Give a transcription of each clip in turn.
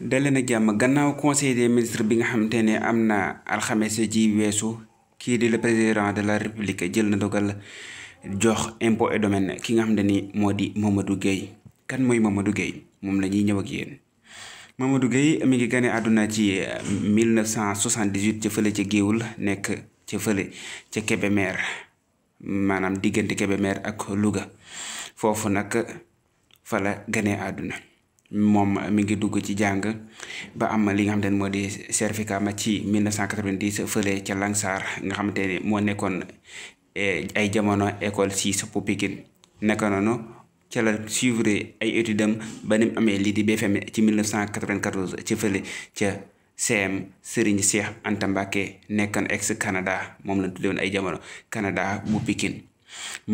dalee na jàmm gannaaw conseil des ministres bi nga xamante ne am na alxames ji weesu kii di le président de la république jël na dogal jox impôt et domaine ki nga xam ne ni moo di moom Mamadou Guèye kan mooy Mamadou Guèye moom la ñuy ñëw ak yéen Mamadou Guèye mi ngi gane àdduna ci 1978 euh, ca fële ca Géoul nekk ca fële ca Kébémer maanaam diggante Kébémer ak Louga foofu nag fa la gane àdduna moom mi ngi dugg ci jàng ba am li nga xamante ne moo di certificat ma ci 1990 fële ca Langsar nga xamante ne moo nekkoon eh, ay jamono école six bu Pikine naka noonu ca la suivre ay études am ba ni mu amee lii di BFM ci mille cent 1994 ci fële ca CM Serigne Cheikh Anta Mbacké ex Canada moom la tuddewoon ay jamono kanada bu Pikine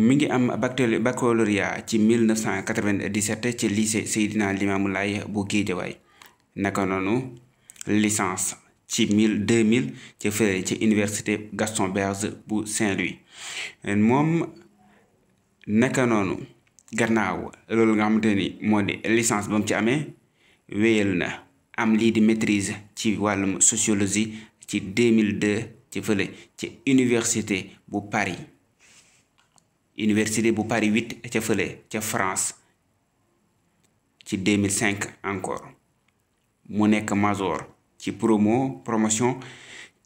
mu ngi am baccalauréat ci mille cent 1997 ci lycée Seydina Limamou Laye bu Guédiawaye naka noonu licence ci mille mille ci fële ci université Gaston Berger bu Saint-Louis moom naka noonu gannaaw loolu nga xamante ni moo di licence ba mu ci amee wéyal na am lii di maîtrise ci wàllum sociologie ci mille 2002 ci fële ci université bu Paris université bu Paris 8 ca fële ca France ci cinq encore mu nekk major ci promo promotion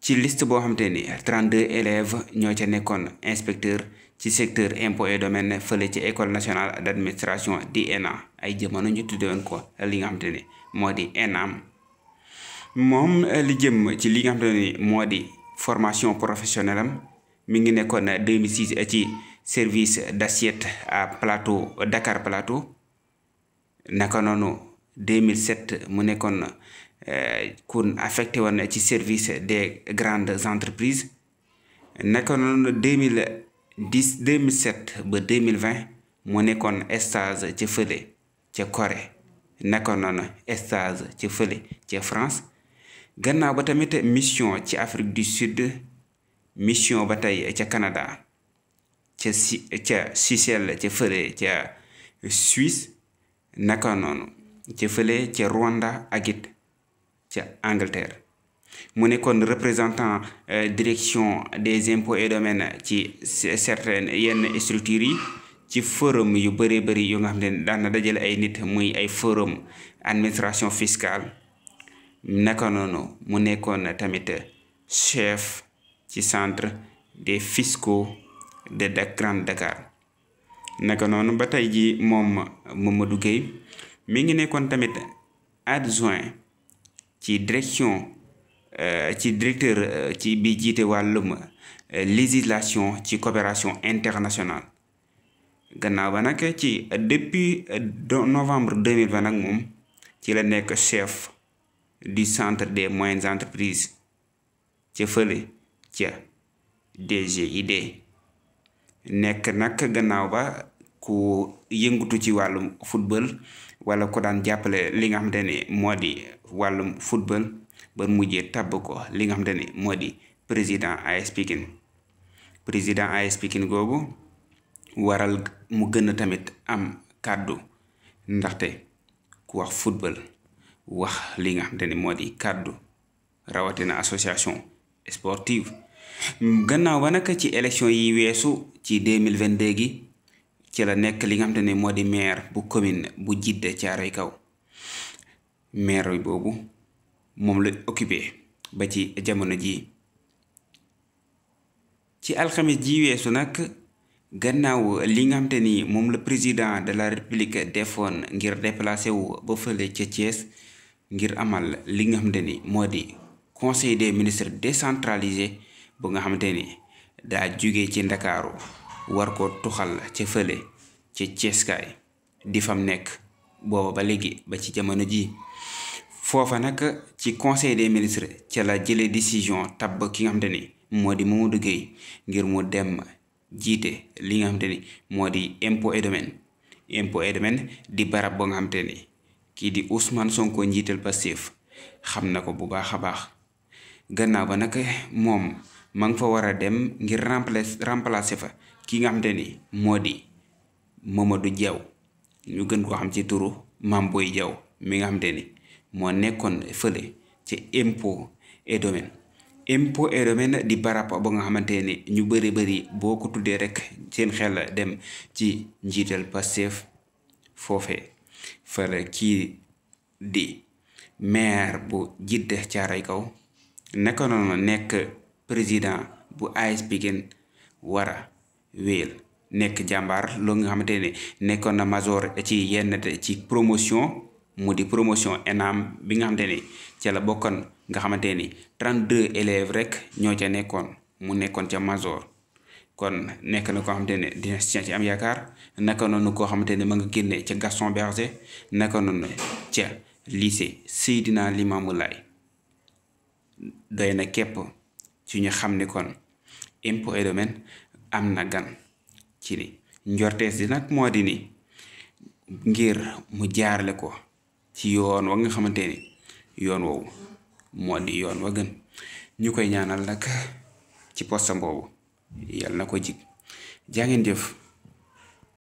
ci liste boo xam te ni 32 élèves ñoo ca nekkoon inspecteur ci secteur impôt et domaine fële ci école nationale d'administration di ENA ay jamono ñu tuddewoon ko li nga xam ni moo di ENAM moom eh, li jëm ci li nga xam te ni moo di formation professionnelle am mi ngi nekkoon 2006 ci service d'assiette à plateau Dakar Plateau naka noonu 2007 mu nekkoon euh, kun affecté woon ci service des grandes entreprises naka noonu 2010 2007 ba 2020 mu nekkoon stage ci fële ca Corée naka noonu stage ci fële ca France gannaaw ba tamit mission ci Afrique du Sud mission ba tey ca Canada ca si ca Seychelles ca fële ca Suisse naka noonu ca fële ca Rwanda ak ca Angleterre mu nekkoon représentant euh, direction des impôts et domaines ci certaines yenn structures yi ci forum yu bëree bëri yu nga xam ne daan na dajale ay nit muy ay forum administration fiscale naka noonu mu nekkoon tamit chef ci centre des fiscaux de Grand Dakar naka noonu ba tey jii moom moom ma Gueye mi ngi nekkoon tamit adjoint ci direction euh, ci directeur euh, ci bi jiite wàllum euh, législation ci coopération international gannaaw ba nag ci depuis novembre deux mille 2020 nag moom ci la nekk chef du centre des moyennes entreprises ca fële ca DGID nekk nag gannaaw ba ku yëngutu ci wàllum football wala ko daan jàppale li nga xamante ni moo di wàllum football ba mujjee tabb ko li nga xamante ni moo di président AS Pikine président AS Pikine googu waral mu gën a tamit am kàddu ndaxte ku wax football wax li nga xamante ni moo di kàddu rawatina association sportive gannaaw ba nag ci élection yi weesu ci mille 2022 gi ci la nekk li nga xamante ne moo di maire bu commune bu Djiddah Thiaroye Kaw maire boobu moom la occupé ba ci jamono ji ci alxames ji weesu nag gannaaw li nga xamante ni moom la président de la république defoon ngir déplacé wu ba fële ca Thiès ngir amal li nga xamante ni moo di conseil des ministres décentralisé bu nga xamante ni daa jóge ci ndakaaru war ko tuxal ca fële ca ceeskaay di fam nekk booba ba léegi ba ci jamono ji foofa nag ci conseil des ministres ca la jële décision tabb ki nga xamante ni moo di Mamadou Guèye ngir mu dem jiite li nga xamante ni moo di impôt et impo impôt di barab ba nga xamante ni kii di Ousmane Sonko njiital Pastef xam na ko bu baax a baax gannaaw ba nag moom ma nga fa war a dem ngir remplacer remplacer fa ki nga xamante ni moo di du Diaw ñu gën koo xam ci turu Mame Boye Diaw mi nga xamante ni moo nekkoon fële ci impo et impo impôt et domaine di barab ba nga xamante ni ñu bëri bëri boo ko tuddee rek seen xel dem ci njiital Pastef foofe fële kii di maire bu Djiddah Thiaroye Kaw naka noonu nekk président bu AS Pikine war a wéel nekk jàmbaar loolu nga xamante ne nekkoon na major ci yenn ci promotion mu di promotion inam bi nga xamante ne ca la bokkan nga xamante ni 32 élèves rek ñoo ca nekkoon mu nekkoon ca major kon nekk na koo xamante ne dina ci am yaakaar naka noonu koo xamante ne ma nga génne ca Gaston Berger naka noonu ca lycée Seydina Limamou Laye doy na képp ci ñu xam ni kon impôt et am na gan ci li njortees di nag moo di ni ngir mu jaarle ko ci yoon wa nga xamante ni yoon woowu moo di yoon wa gën ñu koy ñaanal nag ci postam boobu yàlla na ko jig jaa jëf